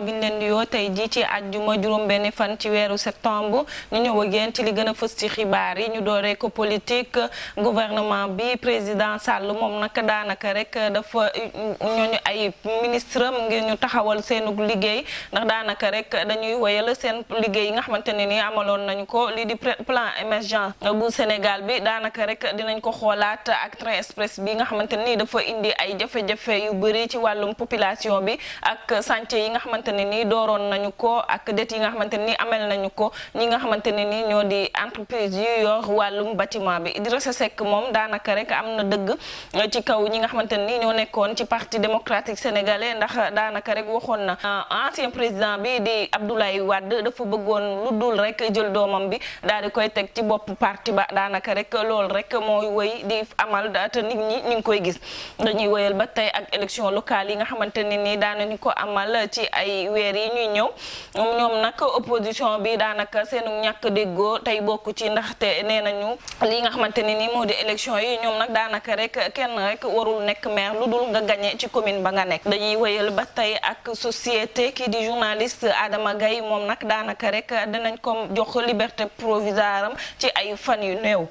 ginnaaw bi ñu leen di yoo tey jii ci àjjuma juróom-benni fan ci weeru septembre ñu ñëw ak yéen ci li gën a fës xibaar yi ñu dooree ko politique gouvernement bi président Sall moom naka daanaka rek dafa ñooñu ay ministre am ngir ñu taxawal seenu liggéey ndax daanaka rek dañuy woyal seen liggéey yi nga xamante ne nii amaloon nañu ko lii di plan émergent gu Sénégal bi daanaka rek dinañ ko xoolaat ak train express bi nga xamante ne nii dafa indi ay jafe-jafe yu bëri ci wàllum population bi xamante ne nii dooroon nañu ko ak det yi nga xamante ne nii amel nañu ko ñi nga xamante ne nii ñoo di entreprise yu yor wàllum bâtiment bi moom daanaka rek am na dëgg ci kaw ñi nga xamante ne nii ñoo nekkoon ci parti démocratique sénégalais ndax daanaka rek waxoon na ancien président bi di Abdoulaye Wade dafa bëggoon lu dul rek jël doomam bi daal di koy teg ci bopp parti ba daanaka rek loolu rek mooy wëy di amal te nit ñi ñu ngi koy gis dañuy wëyal ba tey ak élection locale yi nga xamante nii daanañu ko amal ci ay ay weer yi ñuy ñëw ñoom nag opposition bi daanaka seenu ñàkk déggoo tey bokk ci ndax te nee nañu li nga xamante ni nii moo di élection yi ñoom nag daanaka rek kenn rek warul nekk maire lu dul nga gagné ci commune ba nga nekk dañuy wéyal ba tey ak société kii di journaliste Adama Gaye moom nag daanaka rek dinañ ko jox liberté provisoire am ci ay fan yu néew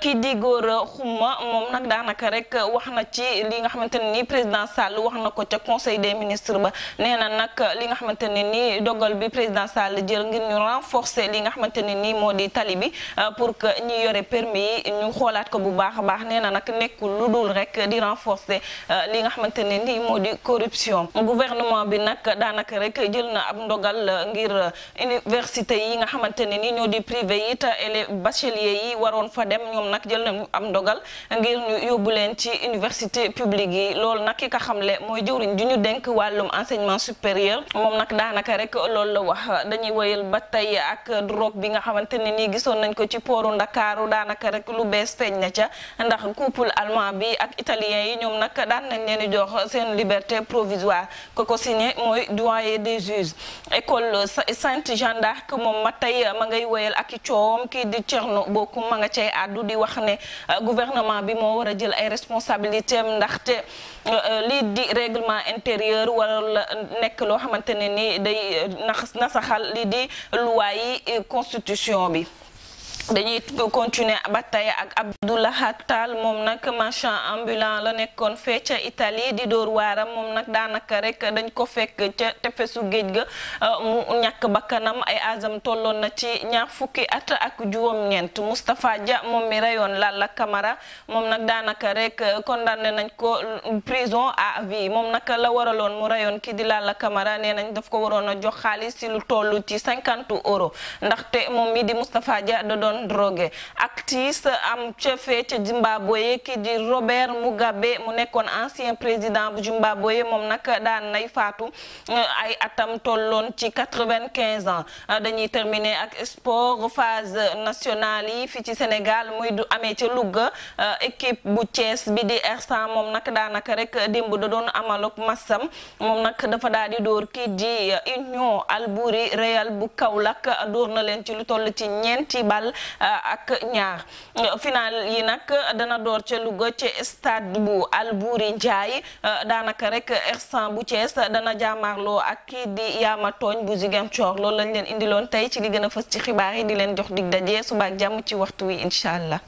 kii di góor xumma moom nag daanaka rek wax na ci li nga xamante ne ni président Sall wax na ko ca conseil des ministre ba nee na li nga xamante ne nii dogal bi président Sall jël ngir ñu renforcer li nga xamante ne nii moo di tali bi euh, pour que ñi yore permis yi ñu xoolaat ko bu baax a baax nee na nag nekkul lu dul rek di renforcer euh, li nga xamante ne nii moo di corruption gouvernement bi nag daanaka rek jël na ab ndogal euh, ngir université yi nga xamante ne nii ñoo di privé yi te bachelier yi waroon fa dem ñoom nag jël nañu am dogal ngir ñu yóbbu leen ci université publique yi loolu nag ki ka xamle mooy jëwriñ ju ñu denk wàllum enseignement supérieur moom nag daanaka rek loolu la wax dañuy woyal ba tey ak drogue bi nga xamante ne nii gisoon nañ ko ci pooru Ndakaaru daanaka rek lu bees teñ na ca ndax couple allemand bi ak italien yi ñoom nag daan nañ leen di jox seen liberté provisoire ko ko signé mooy doyen des juges école Sainte Jeanne d'Arc moom ma tey ma ngay woyal ak i coowam kii di Thierno Bocoum ma nga cay àddu di wax ne gouvernement bi moo war a jël ay responsabilités am ndaxte euh, euh, lii di règlement intérieur wala xamante ne ni day eh, nax nasaxal li di luwaayi eh, constitution bi dañuy continuer ba tay ak Abdoulahat Tall moom nag marchand ambulant la nekkoon fee ca Italie di door waaram moom nag daanaka rek dañ ko fekk ca tefesu géej ga euh, mu ñàkk bakkanam ay azam tolloon na ci ñaar fukki at ak juróom-ñeent Moustapha ja moom mi reyoon Lalla Camara moom nag daanaka rek euh, condamné nañ ko prison à vie moom naka la waraloon mu reyoon ki di Lalla Camara nee nañ daf ko waroon a jox xaalis si lu toll ci cinquante euros ndaxte moom mi di Moustapha Dia da non drogué ak justice am ca fee ca Zimbabwe ki di Robert Mugabe mu nekkoon ancien président bu Zimbabwe moom nag daan nay faatu euh, ay atam tolloon ci quatre-vingt-quinze ans euh, dañuy terminer ak sport phase nationale yi fii ci Sénégal muy du amee ci Louga euh, équipe bu Thiès bi di Ersan moom nag daanaka rek dimb da doon amalok massam moom nag dafa daal di dóor ki di Union Albouri Real bu Kaolack dóor na leen ci lu toll ci ñeenti bal ak ñaar Dakar euh, final yi nag euh, dana door ca Louga ci stade bu Albouri Ndiaye euh, daanaka rek Hersent bu cees dana loo ak kii di Yamatooñ bu Ziguinchor loolu lañ leen indiloon tey ci li gën a fës ci xibaar yi di leen jox dig daje suba ak ci waxtu wi incha allah.